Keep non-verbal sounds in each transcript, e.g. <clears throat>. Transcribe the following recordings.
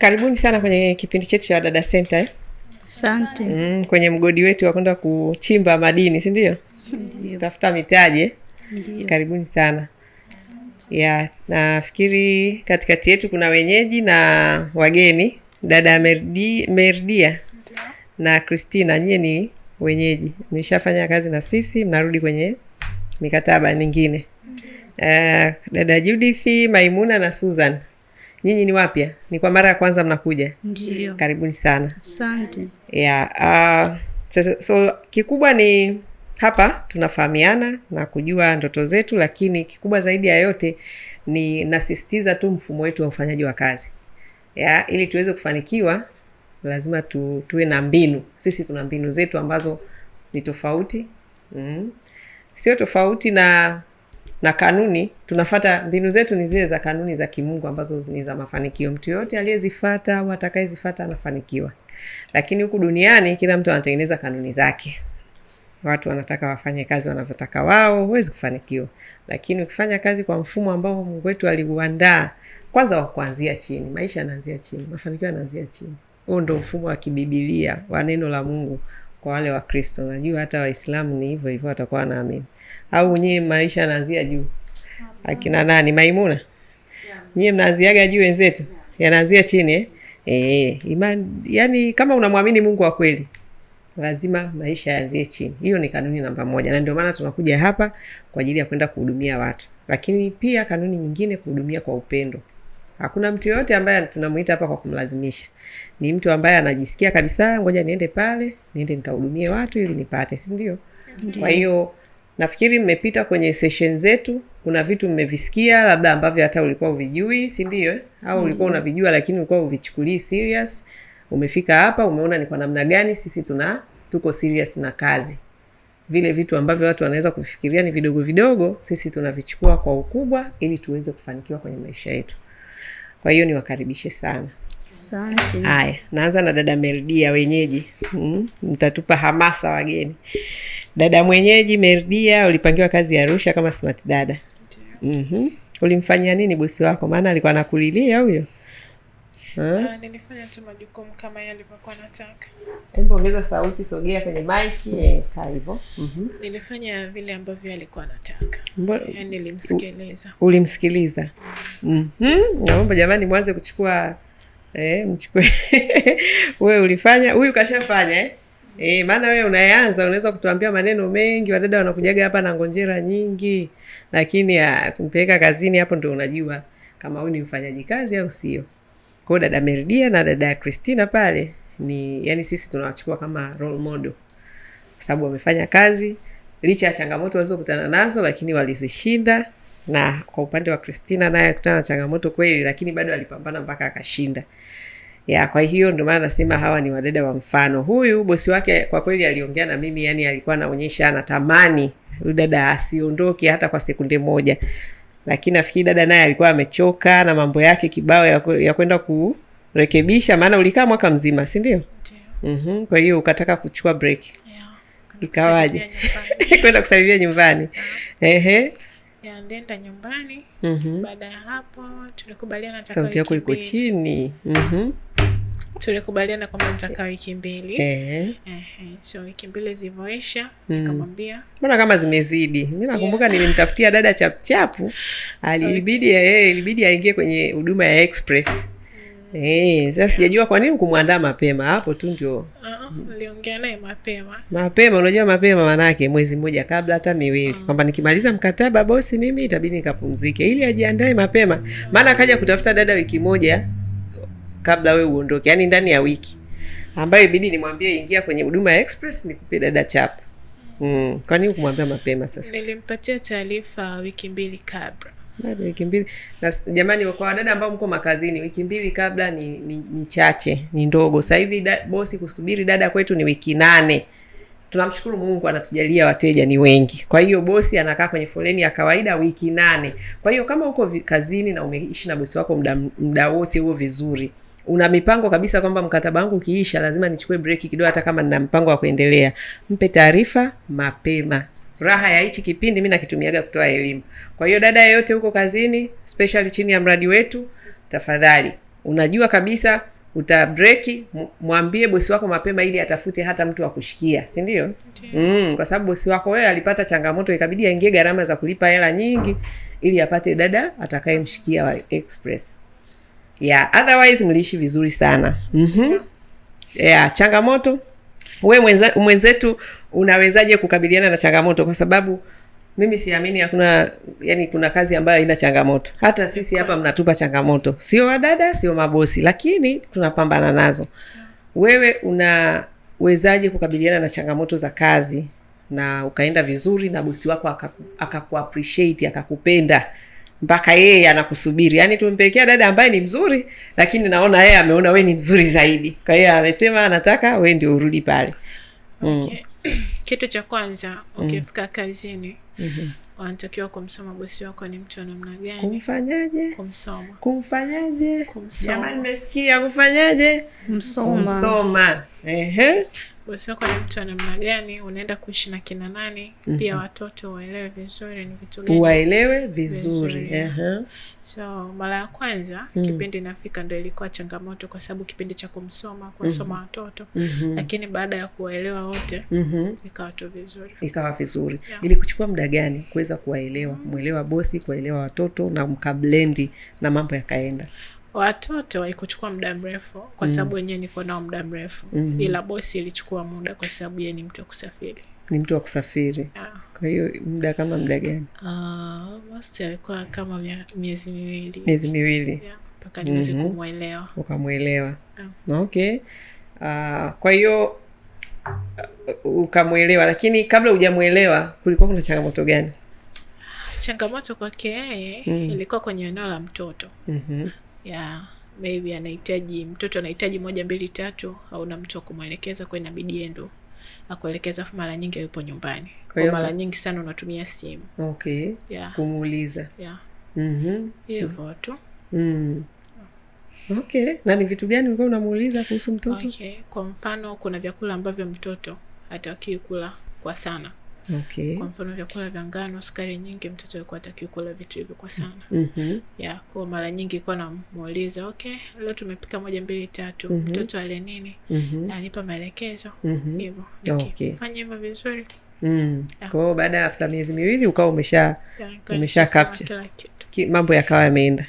Karibuni sana kwenye kipindi chetu cha dada Senta eh? Asante. Mm, kwenye mgodi wetu wa kwenda kuchimba madini si Tafuta mitaji eh? Karibuni sana ya nafikiri katikati yetu kuna wenyeji na wageni. Dada Merdi, Merdia na cristina nyie ni wenyeji, mishafanya kazi na sisi, mnarudi kwenye mikataba mingine. Uh, dada Judith, Maimuna na Susan Nyinyi ni wapya, ni kwa mara ya kwanza mnakuja? Karibuni sana. Yeah, uh, so kikubwa ni hapa tunafahamiana na kujua ndoto zetu, lakini kikubwa zaidi ya yote ni nasistiza tu mfumo wetu wa ufanyaji wa kazi yeah, ili tuweze kufanikiwa lazima tu, tuwe na mbinu. Sisi tuna mbinu zetu ambazo ni tofauti mm. Sio tofauti na na kanuni, tunafata mbinu zetu ni zile za kanuni za kimungu ambazo ni za mafanikio. Mtu yoyote aliyezifata au atakayezifata anafanikiwa, lakini huku duniani kila mtu anatengeneza kanuni zake. Watu wanataka wafanye kazi wanavyotaka wao, huwezi kufanikiwa. Lakini ukifanya kazi kwa mfumo ambao Mungu wetu aliuandaa, kwanza wa kuanzia chini, maisha yanaanzia chini, mafanikio yanaanzia chini. huu ndo mfumo wa kibibilia wa neno la Mungu kwa wale Wakristo. Najua hata Waislamu ni hivyo hivyo watakuwa wanaamini au nyie maisha yanaanzia juu? Akina nani Maimuna, nyie mnaanziaga juu, wenzetu yanaanzia chini eh? E, eh, imani yani, kama unamwamini Mungu wa kweli lazima maisha yaanzie chini. Hiyo ni kanuni namba moja, na ndio maana tunakuja hapa kwa ajili ya kwenda kuhudumia watu, lakini pia kanuni nyingine, kuhudumia kwa upendo. Hakuna mtu yoyote ambaye tunamuita hapa kwa kumlazimisha. Ni mtu ambaye anajisikia kabisa, ngoja niende pale, niende nikahudumie watu ili nipate, si ndio? Kwa hiyo Nafikiri mmepita kwenye session zetu, kuna vitu mmevisikia labda ambavyo hata ulikuwa uvijui, si ndio? Au mm-hmm. ulikuwa unavijua lakini ulikuwa uvichukulii serious. Umefika hapa umeona ni kwa namna gani sisi tuna tuko serious na kazi. Vile vitu ambavyo watu wanaweza kufikiria ni vidogo vidogo, sisi tunavichukua kwa ukubwa ili tuweze kufanikiwa kwenye maisha yetu. Kwa hiyo niwakaribishe sana. Asante. Haya, naanza na dada meridia wenyeji. Hmm, mtatupa hmm? hamasa wageni. Dada mwenyeji Merdia, ulipangiwa kazi ya Arusha kama smart dada. Mm-hmm. Ulimfanyia nini bosi wako? Maana alikuwa nakulilia huyo. Ah, ongeza sauti, sogea kwenye eh, hivyo. Mhm. Nilifanya vile ambavyo alikuwa anataka. Yaani ulimsikiliza. Mhm. Naomba jamani mwanze kuchukua eh, mchukue. <laughs> Wewe ulifanya, huyu kashafanya eh? Eh, maana wewe unayeanza unaweza kutuambia maneno mengi, wadada wanakujaga hapa na ngonjera nyingi, lakini ya ah, kumpeleka kazini hapo ndio unajua kama huyu ni mfanyaji kazi au sio. Kwa dada Meridia na dada Christina pale ni yani, sisi tunawachukua kama role model kwa sababu wamefanya kazi licha ya changamoto walizokutana nazo, lakini walizishinda. Na kwa upande wa Christina naye akutana na changamoto kweli, lakini bado alipambana mpaka akashinda ya kwa hiyo ndio maana nasema hawa ni wadada wa mfano. Huyu bosi wake kwa kweli aliongea na mimi, yani alikuwa anaonyesha anatamani huyu dada asiondoke hata kwa sekunde moja, lakini nafikiri dada naye alikuwa amechoka na mambo yake kibao ya kwenda kurekebisha, maana ulikaa mwaka mzima, si ndio? Mm-hmm. Kwa hiyo ukataka kuchukua break yeah. Ikawaje? <laughs> kwenda kusalimia nyumbani yeah. Ehe. Ya, nenda nyumbani. Mm-hmm. Baada ya hapo tulikubaliana sauti yako iko chini. Mm-hmm tulikubaliana kwamba nitakaa wiki mbili eh. Eh, so wiki mbili zilivyoisha mm. mbona kama zimezidi, mi nakumbuka yeah. Nilimtafutia dada chapchapu alibidi okay. Eh, ilibidi aingie kwenye huduma ya express mm. Eh, sasa sijajua kwa nini kumwandaa mapema hapo tu ndio uh-uh, niliongea naye mapema mapema. Unajua mapema manake mwezi mmoja kabla hata miwili uh-huh. kwamba nikimaliza mkataba bosi, mimi itabidi nikapumzike ili ajiandae mapema, maana akaja kutafuta dada wiki moja kabla we uondoke, yani ndani ya wiki, ambayo ibidi nimwambie ingia kwenye huduma ya express nikupe dada chap Mm. Kwa nini kumwambia mapema sasa? Nilimpatia taarifa wiki mbili kabla bado wiki mbili na jamani, kwa wadada ambao mko makazini, wiki mbili kabla ni, ni, ni chache, ni ndogo. Sasa hivi da, bosi kusubiri dada kwetu ni wiki nane. Tunamshukuru Mungu anatujalia wateja ni wengi, kwa hiyo bosi anakaa kwenye foleni ya kawaida wiki nane. Kwa hiyo kama uko kazini na umeishi na bosi wako muda wote huo vizuri una mipango kabisa kwamba mkataba wangu ukiisha lazima nichukue breki kidogo, hata kama nina mpango wa kuendelea, mpe taarifa mapema. Raha ya hichi kipindi mi nakitumiaga kutoa elimu. Kwa hiyo dada yeyote huko kazini, especially chini ya mradi wetu, tafadhali, unajua kabisa uta breki, mwambie bosi wako mapema, ili atafute hata mtu wa kushikia, si ndio? Mm, kwa sababu bosi wako wewe alipata changamoto, ikabidi aingie gharama za kulipa hela nyingi, ili apate dada atakayemshikia wa express yeah, otherwise mliishi vizuri sana mm-hmm. yeah, changamoto we mwenze, mwenzetu unawezaje kukabiliana na changamoto kwa sababu mimi siamini hakuna yani kuna kazi ambayo haina changamoto hata sisi hapa mnatupa changamoto sio wadada sio mabosi lakini tunapambana nazo wewe unawezaje kukabiliana na changamoto za kazi na ukaenda vizuri na bosi wako akaku, akakuappreciate akakupenda mpaka yeye anakusubiri. Yaani tumpelekea dada ambaye ni mzuri, lakini naona yeye ameona we ni mzuri zaidi, kwa hiyo amesema anataka we ndio urudi pale. mm. okay. <clears throat> Kitu cha kwanza ukifika mm. kazini mm -hmm. Wanatakiwa kumsoma bosi wako ni mtu wa namna gani? Kumfanyaje? Kumsoma. Kumfanyaje? Kumsoma. Jamani, nimesikia kumfanyaje? Msoma. Kumsoma. Ehe bosi ni mtu wa namna gani, unaenda kuishi na kina nani mm -hmm. Pia watoto waelewe vizuri ni vitu gani waelewe vizuri, vizuri. Uh -huh. So mara ya kwanza mm -hmm. kipindi nafika ndo ilikuwa changamoto, kwa sababu kipindi cha kumsoma kuwasoma mm -hmm. watoto mm -hmm. lakini baada ya kuwaelewa wote mm -hmm. ikawa tu vizuri, ikawa vizuri yeah. kuchukua muda gani kuweza kuwaelewa, mm -hmm. bosi, kuwaelewa watoto na mkablendi na mambo yakaenda? watoto haikuchukua muda mrefu kwa mm. sababu wenyewe mm. niko nao muda mrefu mm -hmm. ila bosi ilichukua muda kwa sababu yeye ni mtu wa kusafiri ni mtu wa kusafiri yeah. kwa hiyo muda kama muda gani uh, alikuwa kama miezi miwili miezi miwili mpaka yeah. niweze mm -hmm. kumwelewa ukamwelewa yeah. okay uh, kwa hiyo uh, ukamwelewa lakini kabla hujamwelewa kulikuwa kuna changamoto gani changamoto kwake yeye mm. ilikuwa kwenye eneo la mtoto mm-hmm ya maybe anahitaji mtoto anahitaji moja mbili tatu, na mtu wa kumwelekeza, kwa inabidi endo akuelekeza, mara nyingi ayupo nyumbani, kwa mara nyingi sana unatumia simu okay, yeah. kumuuliza yeah. mm hivyo -hmm. tu mm. Okay, na ni vitu gani ulikuwa unamuuliza kuhusu mtoto? Okay. Kwa mfano kuna vyakula ambavyo mtoto hatakiwi kula kwa sana Okay. Kwa mfano vyakula vya ngano, sukari nyingi, mtoto alikuwa hataki kula vitu hivyo kwa sana. mm -hmm. Ya, kwa mara nyingi ilikuwa namuuliza okay, leo tumepika moja mbili tatu, mm -hmm. mtoto ale nini? mm -hmm. Ananipa maelekezo mm-hmm. hivyo. Mm -hmm. Okay. Fanya hivyo vizuri. Mm. Kwa hiyo baada ya afta miezi miwili ukawa umesha yeah, umesha capture mambo yakawa yameenda.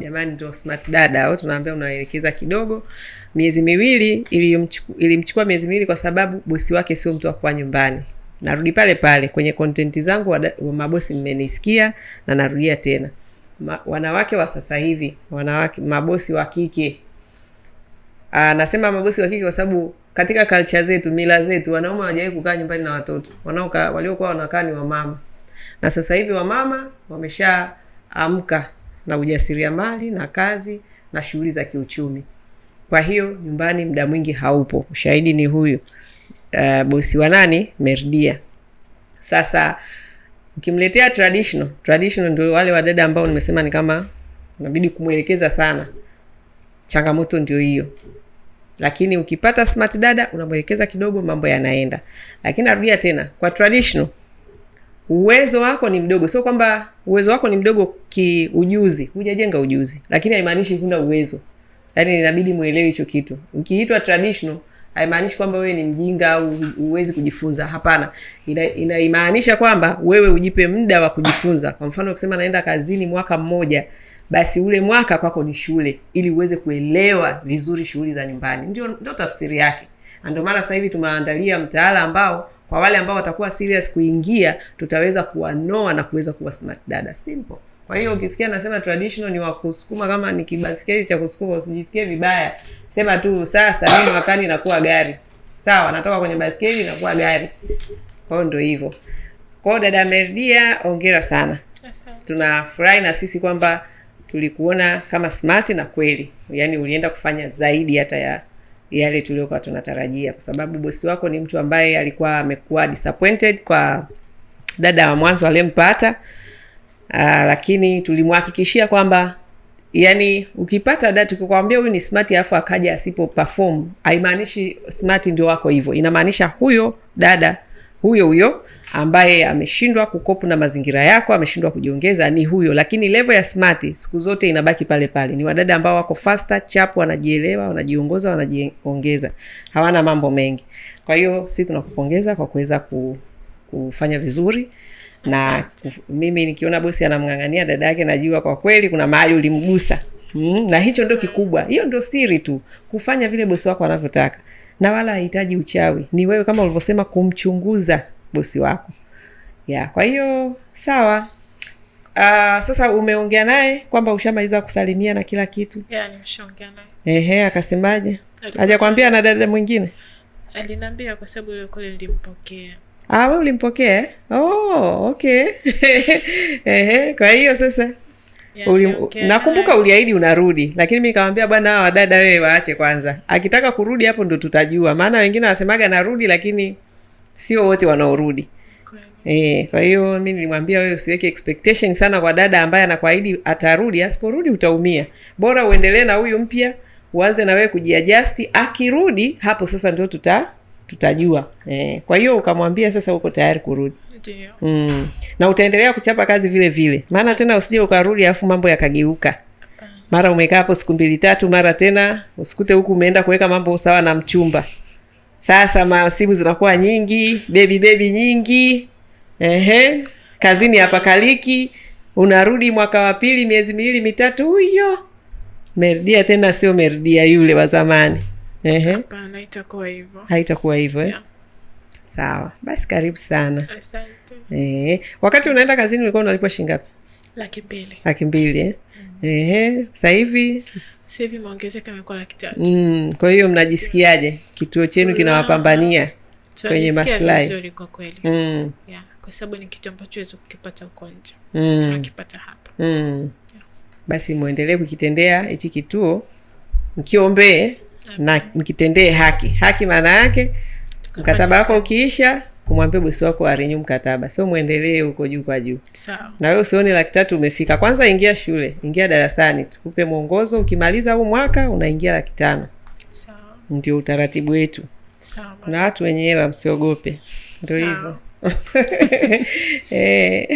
Jamani, ndio smart dada au tunaambia unaelekeza kidogo. Miezi miwili ilimchukua ili miezi miwili kwa sababu bosi wake sio mtu wa kuwa nyumbani narudi pale pale kwenye kontenti zangu wada, mabosi mmenisikia na narudia tena Ma, wanawake wa sasa hivi wanawake mabosi wa kike Aa, ah, nasema mabosi wa kike kwa sababu katika culture zetu mila zetu wanaume hawajawahi kukaa nyumbani na watoto wanaoka waliokuwa wanakaa ni wamama na sasa hivi wamama wameshaamka na ujasiriamali na kazi na shughuli za kiuchumi kwa hiyo nyumbani muda mwingi haupo ushahidi ni huyu uh, bosi wa nani Merdia. Sasa ukimletea traditional, traditional ndio wale wadada ambao nimesema ni kama nabidi kumwelekeza sana, changamoto ndio hiyo. Lakini ukipata smart dada unamwelekeza kidogo, mambo yanaenda. Lakini narudia tena, kwa traditional uwezo wako ni mdogo, sio kwamba uwezo wako ni mdogo kiujuzi, hujajenga ujuzi, lakini haimaanishi huna uwezo. Yani inabidi muelewe hicho kitu. Ukiitwa traditional haimaanishi kwamba wewe ni mjinga au huwezi kujifunza. Hapana, inaimaanisha ina kwamba wewe ujipe muda wa kujifunza. Kwa mfano, ukisema naenda kazini mwaka mmoja, basi ule mwaka kwako ni shule, ili uweze kuelewa vizuri shughuli za nyumbani. Ndio, ndio tafsiri yake, na ndio maana sasa hivi tumeandalia mtaala ambao kwa wale ambao watakuwa serious kuingia, tutaweza kuwanoa na kuweza kuwa smart dada simple. Kwa hiyo ukisikia nasema traditional ni wa kusukuma, kama ni kibasikeli cha kusukuma, usijisikie vibaya, sema tu sasa mimi mwakani nakuwa gari sawa, natoka kwenye basikeli nakuwa gari. Kwa hiyo ndio hivyo. Kwa hiyo dada Merdia, hongera sana, tunafurahi na sisi kwamba tulikuona kama smart na kweli, yaani ulienda kufanya zaidi hata ya yale tuliokuwa tunatarajia, kwa sababu bosi wako ni mtu ambaye alikuwa amekuwa disappointed kwa dada wa mwanzo aliyempata. Aa, ah, lakini tulimhakikishia kwamba yani ukipata data ukikwambia huyu ni smart alafu akaja asipo perform haimaanishi smart ndio wako hivyo, inamaanisha huyo dada huyo huyo ambaye ameshindwa kukopu na mazingira yako, ameshindwa kujiongeza ni huyo, lakini level ya smart siku zote inabaki pale pale. Ni wadada ambao wako faster chapu, wanajielewa, wanajiongoza, wanajiongeza, hawana mambo mengi. Kwa hiyo sisi tunakupongeza kwa kuweza ku kufanya vizuri na mimi nikiona bosi anamng'ang'ania dada yake, najua kwa kweli kuna mahali ulimgusa. Mm, na hicho ndio kikubwa. Hiyo ndio siri tu, kufanya vile bosi wako anavyotaka, na wala hahitaji uchawi. Ni wewe kama ulivyosema, kumchunguza bosi wako ya. Kwa hiyo sawa. Uh, sasa umeongea naye kwamba ushamaliza kusalimia na kila kitu? Yeah, naye. Ehe, akasemaje? ajakwambia na dada mwingine? Aliniambia kwa sababu kule nilimpokea Ah, we ulimpokea? Eh? Oh, okay. <laughs> Kwa hiyo sasa Yeah, Uli, okay. Nakumbuka uliahidi unarudi, lakini mi nikamwambia bwana, wadada wewe waache kwanza, akitaka kurudi hapo ndo tutajua, maana wengine wasemaga narudi, lakini sio wote wanaorudi okay. E, eh, kwa hiyo mi nilimwambia wewe usiweke expectation sana kwa dada ambaye anakuahidi atarudi. Asiporudi utaumia, bora uendelee na huyu mpya, uanze na wewe kujiajasti. Akirudi hapo sasa ndio tuta tutajua eh. Kwa hiyo ukamwambia sasa uko tayari kurudi mm. na utaendelea kuchapa kazi vile vile, maana tena usije ukarudi alafu mambo yakageuka mara umekaa hapo siku mbili tatu, mara tena usikute huku umeenda kuweka mambo sawa na mchumba. Sasa masimu zinakuwa nyingi, bebi bebi nyingi, ehe, kazini hapa kaliki Unarudi mwaka wa pili, miezi miwili mitatu, huyo merudia tena, sio merudia yule wa zamani. Hapana, haitakuwa hivyo. Haitakuwa hivyo. Eh? Yeah. Sawa. Basi karibu sana. Ehe. Wakati unaenda kazini ulikuwa unalipwa shingapi Laki mbili. Laki mbili eh? Mm. Mm. Kwa hiyo mnajisikiaje? Kituo chenu kinawapambania kwenye maslahi. kwa kweli. Mm. Yeah. Kwa sababu ni kitu ambacho kukipata huko nje. Mm. Tunakipata hapa. Mm. Yeah. Basi mwendelee kukitendea hichi kituo mkiombee na mkitendee haki. Haki maana yake mkataba wako ukiisha umwambie bosi wako arenyu mkataba, sio mwendelee huko juu kwa juu. Na wewe usione laki tatu umefika. Kwanza ingia shule, ingia darasani, tukupe mwongozo. Ukimaliza huu mwaka unaingia laki tano. Ndio utaratibu wetu. Na watu wenye hela msiogope, ndo hivo E,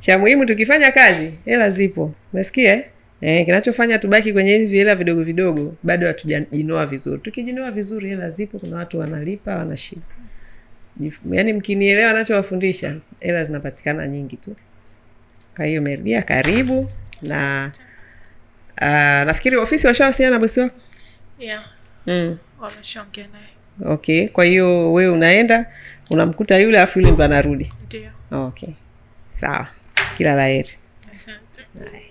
cha muhimu tukifanya kazi hela zipo, umesikia? Eh? Eh, kinachofanya tubaki kwenye hivi hela vidogo vidogo bado hatujajinoa vizuri. Tukijinoa vizuri hela zipo, kuna watu wanalipa wanashiba. Yaani mkinielewa nachowafundisha, hela zinapatikana nyingi tu. Kwa hiyo merudia karibu na uh, nafikiri ofisi washawasiliana na bosi wako? Yeah. Mm. Okay, kwa hiyo wewe unaenda unamkuta yule afu yule ndo anarudi. Ndio. Okay. Sawa. Kila la heri. Asante.